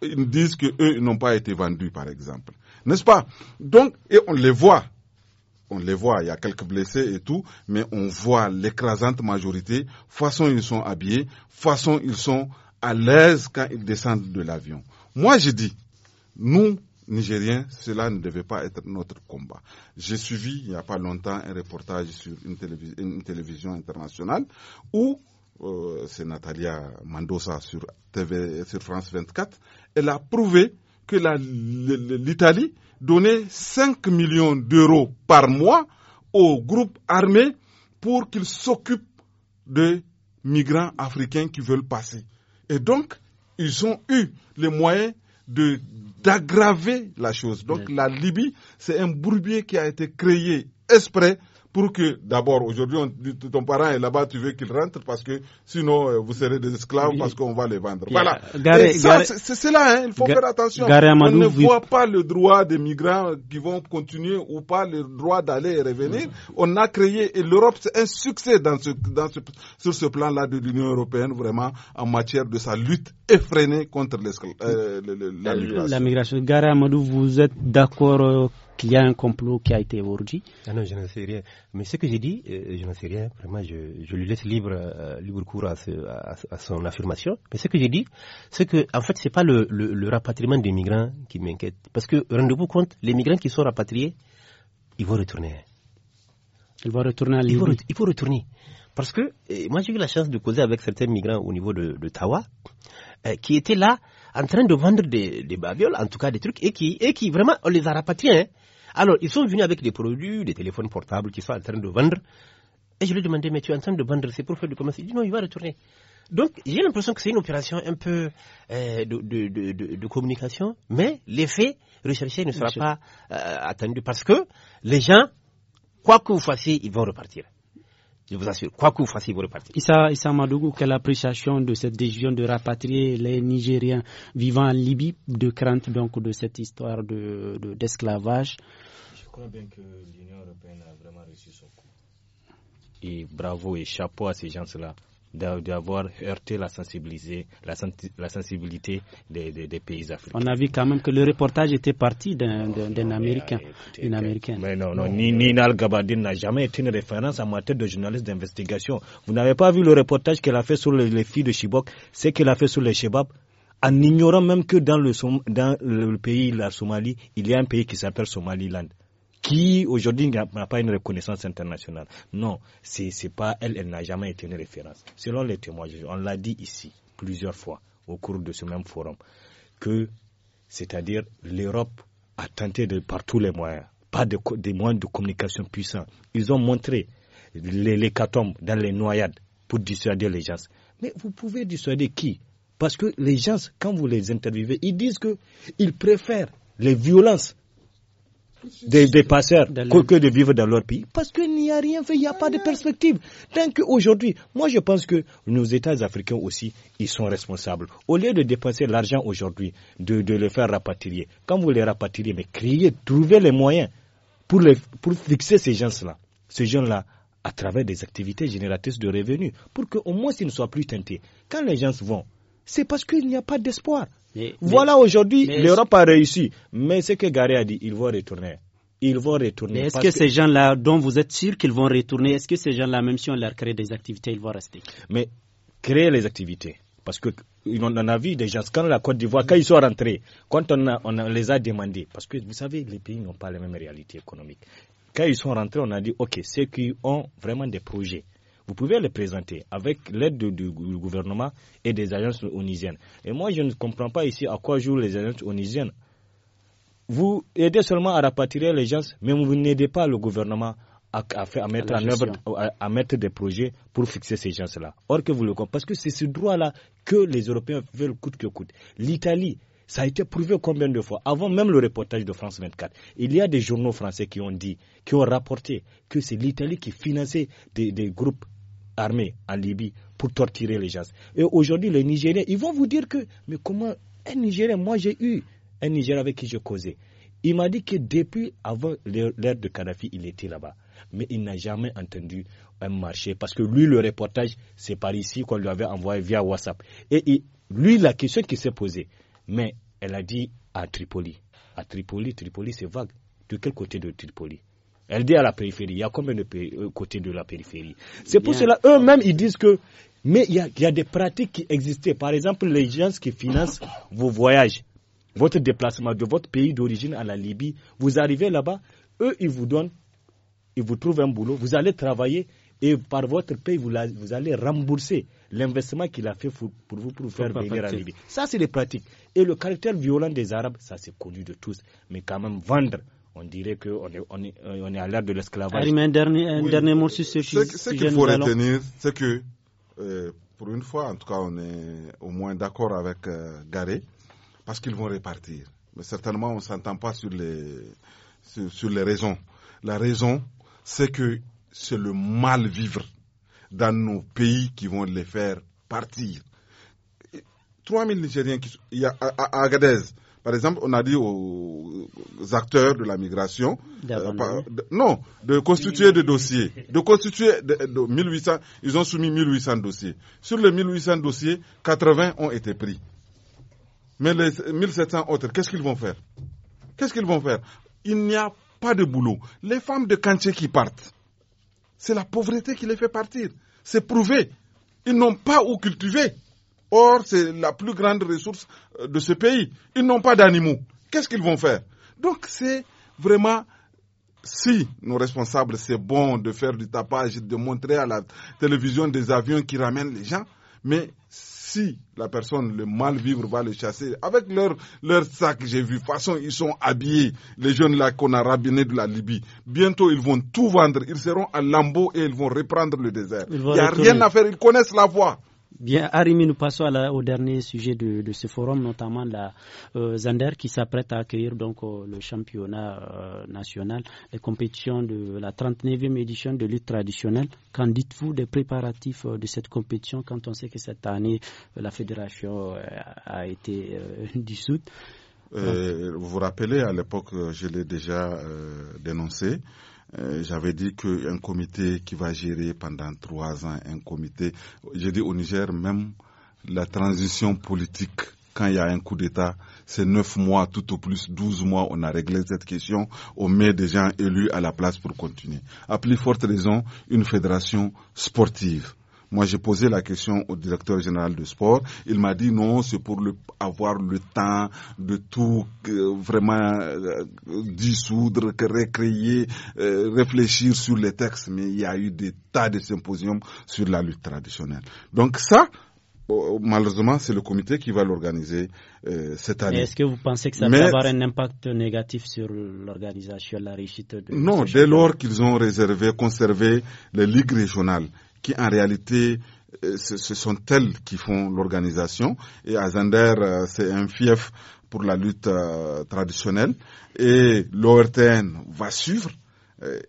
Ils disent qu'eux n'ont pas été vendus, par exemple. N'est-ce pas Donc, et on les voit on les voit, il y a quelques blessés et tout, mais on voit l'écrasante majorité, façon ils sont habillés, façon ils sont à l'aise quand ils descendent de l'avion. Moi, je dis, nous, Nigériens, cela ne devait pas être notre combat. J'ai suivi, il n'y a pas longtemps, un reportage sur une, télévision internationale où euh, c'est Natalia Mandosa sur, TV, sur France 24, elle a prouvé que l'Italie donnait 5 millions d'euros par mois aux groupes armés pour qu'ils s'occupent de migrants africains qui veulent passer. Et donc, ils ont eu les moyens d'aggraver la chose. Donc la Libye, c'est un bourbier qui a été créé exprès pour que d'abord aujourd'hui ton parent est là-bas, tu veux qu'il rentre parce que sinon euh, vous serez des esclaves parce qu'on va les vendre. Voilà. c'est cela, hein, il faut faire attention. On ne voit pas le droit des migrants qui vont continuer ou pas le droit d'aller et revenir. On a créé et l'Europe c'est un succès dans ce, dans ce, sur ce plan-là de l'Union européenne vraiment en matière de sa lutte effrénée contre euh, la, migration. La migration. Gare Amadou, vous êtes d'accord euh, qu'il y a un complot qui a été évoqué Ah non, je n'en sais rien. Mais ce que j'ai dit, euh, je n'en sais rien. Vraiment, je, lui laisse libre, euh, cours à, son affirmation. Mais ce que j'ai dit, c'est que, en fait, ce n'est pas le, rapatriement des migrants qui m'inquiète. Parce que, rendez-vous compte, les migrants qui sont rapatriés, ils vont retourner. Ils vont retourner à Libye. Ils vont, retourner. Parce que, eh, moi, j'ai eu la chance de causer avec certains migrants au niveau de, de Tawa, eh, qui étaient là en train de vendre des, des babioles, en tout cas des trucs, et qui, et qui vraiment, on les a rapatriés. Hein. Alors, ils sont venus avec des produits, des téléphones portables qu'ils sont en train de vendre. Et je lui ai demandé, mais tu es en train de vendre, c'est pour faire du commerce. Il dit, non, il va retourner. Donc, j'ai l'impression que c'est une opération un peu euh, de, de, de, communication, mais l'effet recherché ne sera pas euh, attendu parce que les gens, quoi que vous fassiez, ils vont repartir. Je vous assure, quoi que vous fassiez, vous repartez. Issa, Issa Madougou, quelle appréciation de cette décision de rapatrier les Nigériens vivant en Libye, de crainte donc de cette histoire d'esclavage de, d'esclavage. Je crois bien que l'Union européenne a vraiment réussi son coup. Et bravo et chapeau à ces gens-là d'avoir heurté la, la, la sensibilité des, pays africains. On a vu quand même que le reportage était parti d'un oh, Américain, une Américaine. Mais non, non, non Nina Al-Gabadin n'a jamais été une référence en matière de journaliste d'investigation. Vous n'avez pas vu le reportage qu'elle a fait sur les, filles de Chibok, ce qu'elle a fait sur les Shebab en ignorant même que dans le, dans le pays, la Somalie, il y a un pays qui s'appelle Somaliland qui aujourd'hui n'a pas une reconnaissance internationale. Non, c'est pas elle, elle n'a jamais été une référence. Selon les témoins, on l'a dit ici plusieurs fois au cours de ce même forum, que c'est-à-dire l'Europe a tenté de par tous les moyens, pas des moyens de communication puissants. Ils ont montré les, les dans les noyades pour dissuader les gens. Mais vous pouvez dissuader qui Parce que les gens, quand vous les interviewez, ils disent qu'ils préfèrent les violences des, passeurs que, de vivre dans leur pays parce qu'il n'y a rien fait, il n'y a pas de perspective. Tant qu'aujourd'hui, moi je pense que nos États africains aussi, ils sont responsables. Au lieu de dépenser l'argent aujourd'hui, de, de les faire rapatrier, quand vous les rapatriez, mais criez, trouvez les moyens pour, pour fixer ces gens-là, ces gens-là, à travers des activités génératrices de revenus, pour qu'au moins ils ne soient plus tentés. Quand les gens vont c'est parce qu'il n'y a pas d'espoir. Voilà aujourd'hui, l'Europe a réussi. Mais ce que Gary a dit, ils vont retourner. Ils vont retourner. est-ce que, ces gens-là, dont vous êtes sûr qu'ils vont retourner, est-ce que ces gens-là, même si on leur crée des activités, ils vont rester Mais créer les activités. Parce que on en a vu déjà, quand la Côte d'Ivoire, quand ils sont rentrés, quand on, on les a demandés, parce que vous savez, les pays n'ont pas les mêmes réalités économiques. Quand ils sont rentrés, on a dit, OK, ceux qui ont vraiment des projets, vous pouvez les présenter avec l'aide du, gouvernement et des agences onisiennes. Et moi, je ne comprends pas ici à quoi jouent les agences onisiennes. Vous aidez seulement à rapatrier les gens, mais vous n'aidez pas le gouvernement à, mettre en œuvre, à, mettre des projets pour fixer ces gens-là. Or que vous le comprenez, parce que c'est ce droit-là que les Européens veulent coûte que coûte. L'Italie, ça a été prouvé combien de fois Avant même le reportage de France 24, il y a des journaux français qui ont dit, qui ont rapporté que c'est l'Italie qui finançait des, groupes armée en Libye pour torturer les gens. Et aujourd'hui, les Nigériens, ils vont vous dire que, mais comment un Nigérien, moi j'ai eu un Nigérien avec qui je causais. Il m'a dit que depuis avant l'ère de Kadhafi, il était là-bas. Mais il n'a jamais entendu un marché parce que lui, le reportage, c'est par ici qu'on lui avait envoyé via WhatsApp. Et lui, la question qui s'est posée, mais elle a dit à Tripoli. À Tripoli, Tripoli, c'est vague. De quel côté de Tripoli elle dit à la périphérie. Il y a combien de euh, côtés de la périphérie C'est pour cela, eux-mêmes, ils disent que. Mais il y, a, des pratiques qui existaient. Par exemple, les gens qui financent vos voyages, votre déplacement de votre pays d'origine à la Libye, vous arrivez là-bas, eux, ils vous donnent, ils vous trouvent un boulot, vous allez travailler et par votre pays vous, allez rembourser l'investissement qu'il a fait pour, vous pour vous faire venir à la Libye. Ça, c'est des pratiques. Et le caractère violent des Arabes, ça, c'est connu de tous. Mais quand même, vendre on dirait qu'on est, on est, euh, on à l'ère de l'esclavage. un dernier, un dernier mot sur ce sujet. Ce, qu'il faut retenir, c'est que, euh, pour une fois, en tout cas, on est au moins d'accord avec Gare, euh, Garé, parce qu'ils vont répartir. Mais certainement, on ne s'entend pas sur les, sur, les raisons. La raison, c'est que c'est le mal vivre dans nos pays qui vont les faire partir. 000 Nigériens qui à Agadez, par exemple, on a dit aux acteurs de la migration, euh, non, de constituer des dossiers. De constituer 1800, ils ont soumis 1800 dossiers. Sur les 1800 dossiers, 80 ont été pris. Mais les 1700 autres, qu'est-ce qu'ils vont faire Qu'est-ce qu'ils vont faire Il n'y a pas de boulot. Les femmes de cantier qui partent, c'est la pauvreté qui les fait partir. C'est prouvé. Ils n'ont pas où cultiver. Or, c'est la plus grande ressource euh, de ce pays. Ils n'ont pas d'animaux. Qu'est-ce qu'ils vont faire Donc, c'est vraiment si nos responsables, c'est bon de faire du tapage, de montrer à la télévision des avions qui ramènent les gens, mais si la personne, le mal vivre, va le chasser, avec leur, leur sac, j'ai vu, façon, ils sont habillés, les jeunes là qu'on a rabinés de la Libye. Bientôt, ils vont tout vendre, ils seront à Lambeau et ils vont reprendre le désert. Il n'y a rien à faire, ils connaissent la voie. Bien, Arimi, nous passons au dernier sujet de, ce forum, notamment la euh, Zander qui s'apprête à accueillir donc euh, le championnat euh, national, les compétitions de la 39e édition de lutte traditionnelle. Qu'en dites-vous des préparatifs de cette compétition quand on sait que cette année la fédération a été dissoute Vous vous rappelez, à l'époque, je l'ai déjà dénoncé. Euh, j'avais dit qu'un comité qui va gérer pendant trois ans, un comité, j'ai dit au Niger, même la transition politique, quand il y a un coup d'État, c'est neuf mois, tout au plus douze mois, on a réglé cette question, on met des gens élus à la place pour continuer. À plus forte raison, une fédération sportive moi, j'ai posé la question au directeur général de sport. Il m'a dit non, c'est pour le, avoir le temps de tout vraiment euh, dissoudre, recréer, euh, réfléchir sur les textes. Mais il y a eu des tas de symposiums sur la lutte traditionnelle. Donc ça, oh, oh, malheureusement, c'est le comité qui va l'organiser euh, cette année. Est-ce que vous pensez que ça va avoir un impact négatif sur l'organisation, la réussite de Non, dès lors qu'ils ont réservé, conservé les ligues régionales qui en réalité euh, ce sont elles qui font l'organisation. Et Azander, euh, c'est un fief pour la lutte euh, traditionnelle. Et l'ORTN va suivre.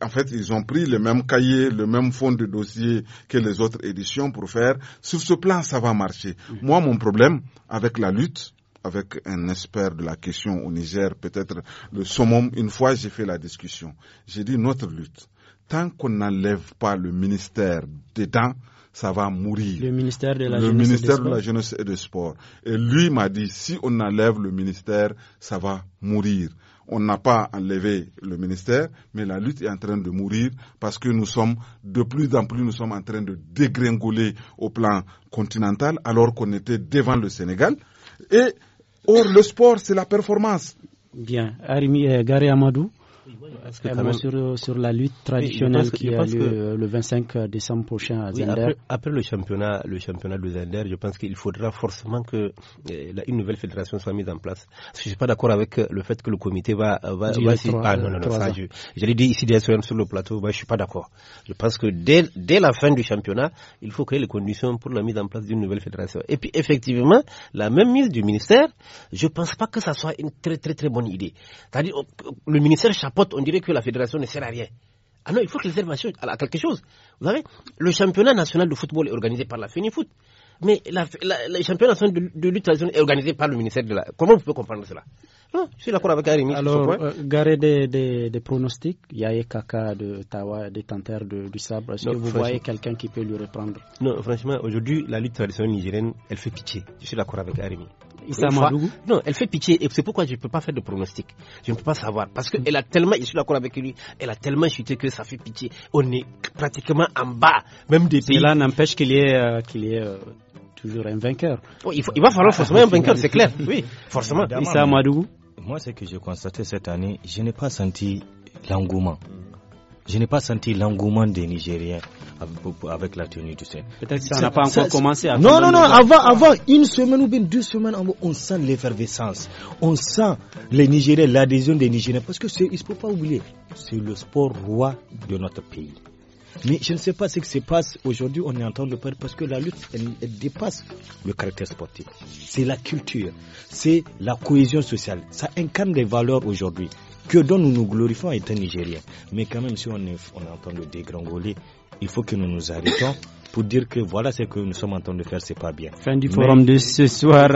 En fait, ils ont pris le même cahier, le même fond de dossier que les autres éditions pour faire. Sur ce plan, ça va marcher. Mm-hmm. Moi, mon problème avec la lutte, avec un expert de la question au Niger, peut-être le summum, une fois j'ai fait la discussion. J'ai dit notre lutte tant qu'on n'enlève pas le ministère dedans, ça va mourir. Le ministère de la, jeunesse, et de la jeunesse et des sports. Et lui m'a dit, si on enlève le ministère, ça va mourir. On n'a pas enlevé le ministère, mais la lutte est en train de mourir parce que nous sommes, de plus en plus, nous sommes en train de dégringoler au plan continental alors qu'on était devant le Sénégal. Et, or, le sport, c'est la performance. Bien. Arimi euh, Gary Amadou, euh, sur, la lutte traditionnelle qui a lieu le 25 décembre prochain à Zender. Après, le championnat, le championnat de Zender, je pense qu'il faudra forcément que euh, une nouvelle fédération soit mise en place. je ne je suis pas d'accord avec euh, le fait que le comité va, va, va ah non non non, ça, je, l'ai dit ici sur le plateau, bah, je suis pas d'accord. Je pense que dès, dès la fin du championnat, il faut créer les conditions pour la mise en place d'une nouvelle fédération. Et puis effectivement, la même mise du ministère, je pense pas que ça soit une très très très bonne idée. C'est-à-dire le ministère on dirait que la fédération ne sert à rien. Ah non, il faut qu'ils servent à, quelque chose. Vous savez, le championnat national de football est organisé par la FENIFOOT. Mais le championnat national de, de lutte traditionnelle est organisé par le ministère de la. Comment vous pouvez comprendre cela non, je suis d'accord avec Arimi. Alors, euh, garer des, des, des, pronostics, Yaye Kaka de Tawa, détenteur de, du sabre, est vous voyez quelqu'un qui peut lui reprendre Non, franchement, aujourd'hui, la lutte traditionnelle nigérienne, elle fait pitié. Je suis d'accord avec Arimi. Issa non, elle fait pitié et c'est pourquoi je ne peux pas faire de pronostic. Je ne peux pas savoir parce qu'elle a tellement, je suis d'accord avec lui, elle a tellement chuté que ça fait pitié. On est pratiquement en bas, même des pays. Cela n'empêche qu'il y ait, euh, euh, toujours un vainqueur. Oh, il, va falloir forcément un vainqueur, c'est clair. Oui, forcément. Issa moi, ce que j'ai constaté cette année, je n'ai pas senti l'engouement. Je n'ai pas senti l'engouement des Nigériens avec la tenue du Seigneur. Peut-être que ça n'a pas encore commencé. À non, non, non. Avant, avant une semaine ou bien deux semaines, on sent l'effervescence. On sent les Nigériens, l'adhésion des Nigériens. Parce que il ne faut pas oublier, c'est le sport roi de notre pays. Mais je ne sais pas ce qui se passe aujourd'hui, on est en train de perdre parce que la lutte, elle, dépasse le caractère sportif. C'est la culture, c'est la cohésion sociale. Ça incarne des valeurs aujourd'hui que dont nous nous glorifions étant Nigériens. Mais quand même, si on est, en train de dégringoler, il faut que nous nous arrêtons pour dire que voilà ce que nous sommes en train de faire, c'est pas bien. Fin du forum de ce soir.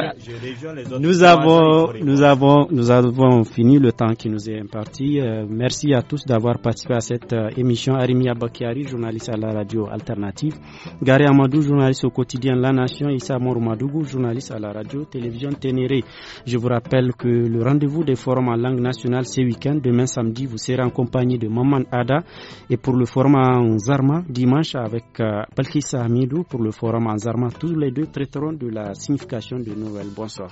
nous avons, nous avons, nous avons fini le temps qui nous est imparti. Euh, merci à tous d'avoir participé à cette euh, émission. Arimia Bakiari, journaliste à la radio alternative. Gary Amadou, journaliste au quotidien La Nation. Issa Madougou, journaliste à la radio télévision Ténéré. Je vous rappelle que le rendez-vous des forums en langue nationale ce week-end, demain samedi, vous serez en compagnie de Maman Ada et pour le forum en Zarma dimanche avec euh, à pour le forum Anzarma. Tous les deux traiteront de la signification de nouvelles. Bonsoir.